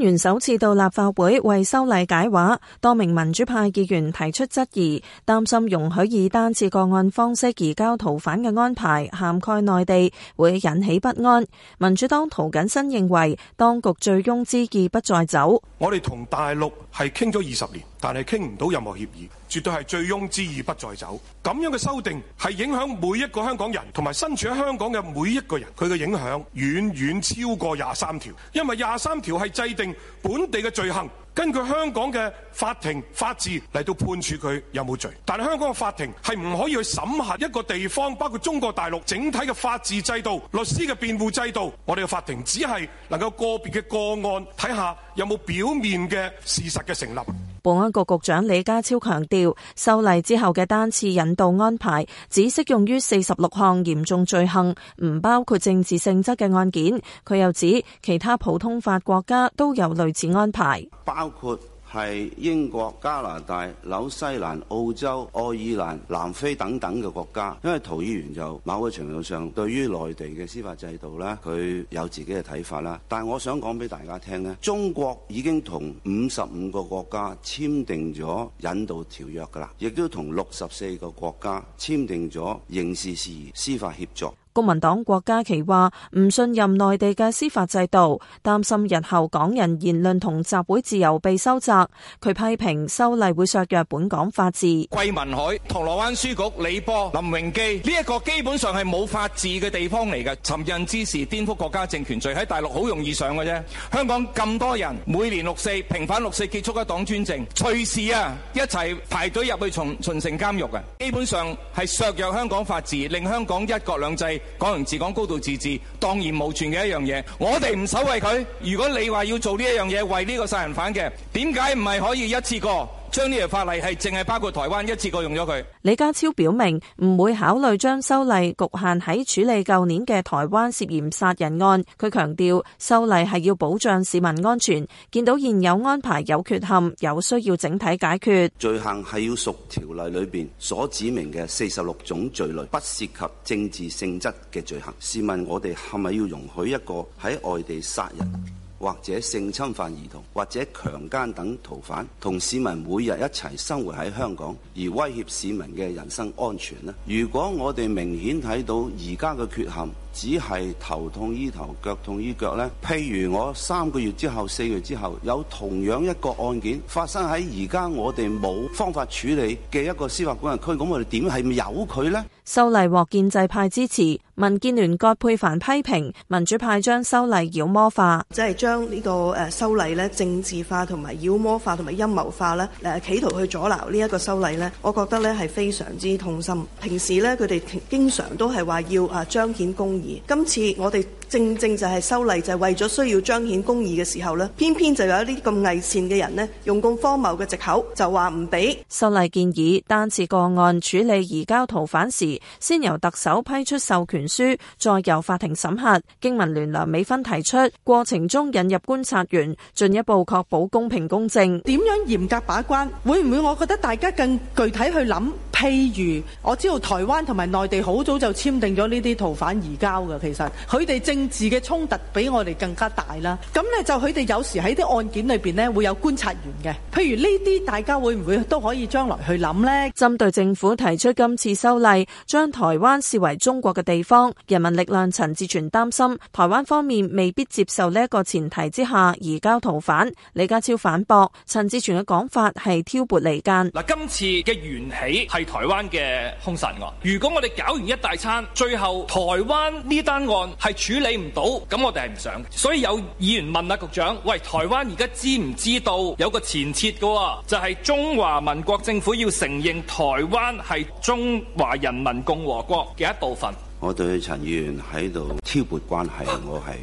元首次到立法會為修例解話，多名民主派議員提出質疑，擔心容許以單次個案方式移交逃犯嘅安排涵蓋內地，會引起不安。民主黨涂謹申認為，當局醉翁之意不在酒，我哋同大陸係傾咗二十年。但係傾唔到任何協議，絕對係醉翁之意不在酒。咁樣嘅修訂係影響每一個香港人，同埋身處喺香港嘅每一個人，佢嘅影響遠遠超過廿三條，因為廿三條係制定本地嘅罪行。根據香港嘅法庭法治嚟到判處佢有冇罪，但係香港嘅法庭係唔可以去審核一個地方，包括中國大陸整體嘅法治制度、律師嘅辯護制度。我哋嘅法庭只係能夠個別嘅個案睇下有冇表面嘅事實嘅成立。保安局局長李家超強調，修例之後嘅單次引渡安排只適用於四十六項嚴重罪行，唔包括政治性質嘅案件。佢又指，其他普通法國家都有類似安排。包括係英國、加拿大、紐西蘭、澳洲、愛爾蘭、南非等等嘅國家，因為陶議員就某個程度上對於內地嘅司法制度呢，佢有自己嘅睇法啦。但係我想講俾大家聽呢，中國已經同五十五個國家簽訂咗引渡條約噶啦，亦都同六十四個國家簽訂咗刑事事宜司法協助。公民黨郭家麒話，唔信任內地嘅司法制度，擔心日後港人言論同集會自由被收窄，佢批評修例會削弱本港法治。桂民海、銅鑼灣書局、李波、林榮基，呢個基本上係冇法治嘅地方嚟嘅。尋釁滋事、顛覆國家政權罪，喺大陸好容易上嘅啫。香港咁多人，每年六四，平反六四，結束一黨專政，隨時呀，一齊排隊入去秦城監獄嘅。基本上，係削弱香港法治，令香港一國兩制，港人治港高度自治，蕩然無存嘅一樣嘢，我哋唔守衛佢。如果你話要做呢一樣嘢，為呢個殺人犯嘅，點解唔係可以一次過？將呢條法例係淨係包括台灣一次過用咗佢。李家超表明唔會考慮將修例局限喺處理舊年嘅台灣涉嫌殺人案。佢強調修例係要保障市民安全，見到現有安排有缺陷，有需要整體解決。罪行係要屬條例裏邊所指明嘅四十六種罪類，不涉及政治性質嘅罪行。試問我哋係咪要容許一個喺外地殺人？或者性侵犯兒童，或者強姦等逃犯，同市民每日一齊生活喺香港，而威脅市民嘅人身安全咧。如果我哋明顯睇到而家嘅缺陷，只係頭痛醫頭，腳痛醫腳，咧。譬如，我三個月之後，四月之後有同樣一個案件發生喺而家我哋冇方法處理嘅一個司法管轄區，咁我哋點係有佢呢？修例獲建制派支持。民建聯葛珮帆批評民主派將修例妖魔化，即係將呢個誒修例咧政治化，同埋妖魔化，陰謀化，同埋陰謀化咧，誒企圖去阻撓呢一個修例咧。我覺得咧係非常之痛心。平時咧佢哋經常都係話要啊彰顯公義，今次我哋。正正就係修例就係、是、為咗需要彰顯公義嘅時候呢，偏偏就有一啲咁偽善嘅人呢，用咁荒謬嘅藉口就話唔俾修例建議，單次個案處理移交逃犯時，先由特首批出授權書，再由法庭審核。經民聯梁美芬提出過程中引入觀察員，進一步確保公平公正。點樣嚴格把關？會唔會？我覺得大家更具體去諗。譬如我知道台灣同埋內地好早就簽訂咗呢啲逃犯移交嘅，其實佢哋政治嘅衝突比我哋更加大啦。咁咧就佢哋有時喺啲案件裏邊咧會有觀察員嘅。譬如呢啲大家會唔會都可以將來去諗咧？針對政府提出今次修例將台灣視為中國嘅地方，人民力量陳志全擔心台灣方面未必接受呢一個前提之下移交逃犯。李家超反駁陳志全嘅講法係挑撥離間。嗱，今次嘅緣起係。台灣嘅兇殺案，如果我哋搞完一大餐，最後台灣呢單案係處理唔到，咁我哋係唔想。所以有議員問啊，局長，喂，台灣而家知唔知道有個前設嘅喎，就係中華民國政府要承認台灣係中華人民共和國嘅一部分。我對陳議員喺度挑撥關係， 我係。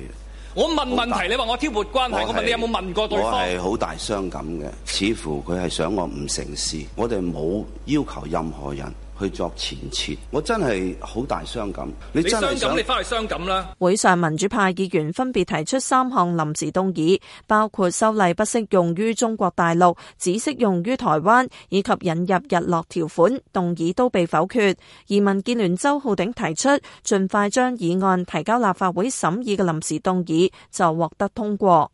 我問問題，你話我挑撥關係，我，是我問你有冇問過對方？我係好大傷感嘅，似乎佢係想我唔成事。我哋冇要求任何人。去作前瞻，我真係好大傷感。你傷感，你翻去傷感啦。會上民主派議員分別提出三項臨時動議，包括修例不適用於中國大陸，只適用於台灣，以及引入日落條款。動議都被否決，而民建聯周浩鼎提出盡快將議案提交立法會審議嘅臨時動議就獲得通過。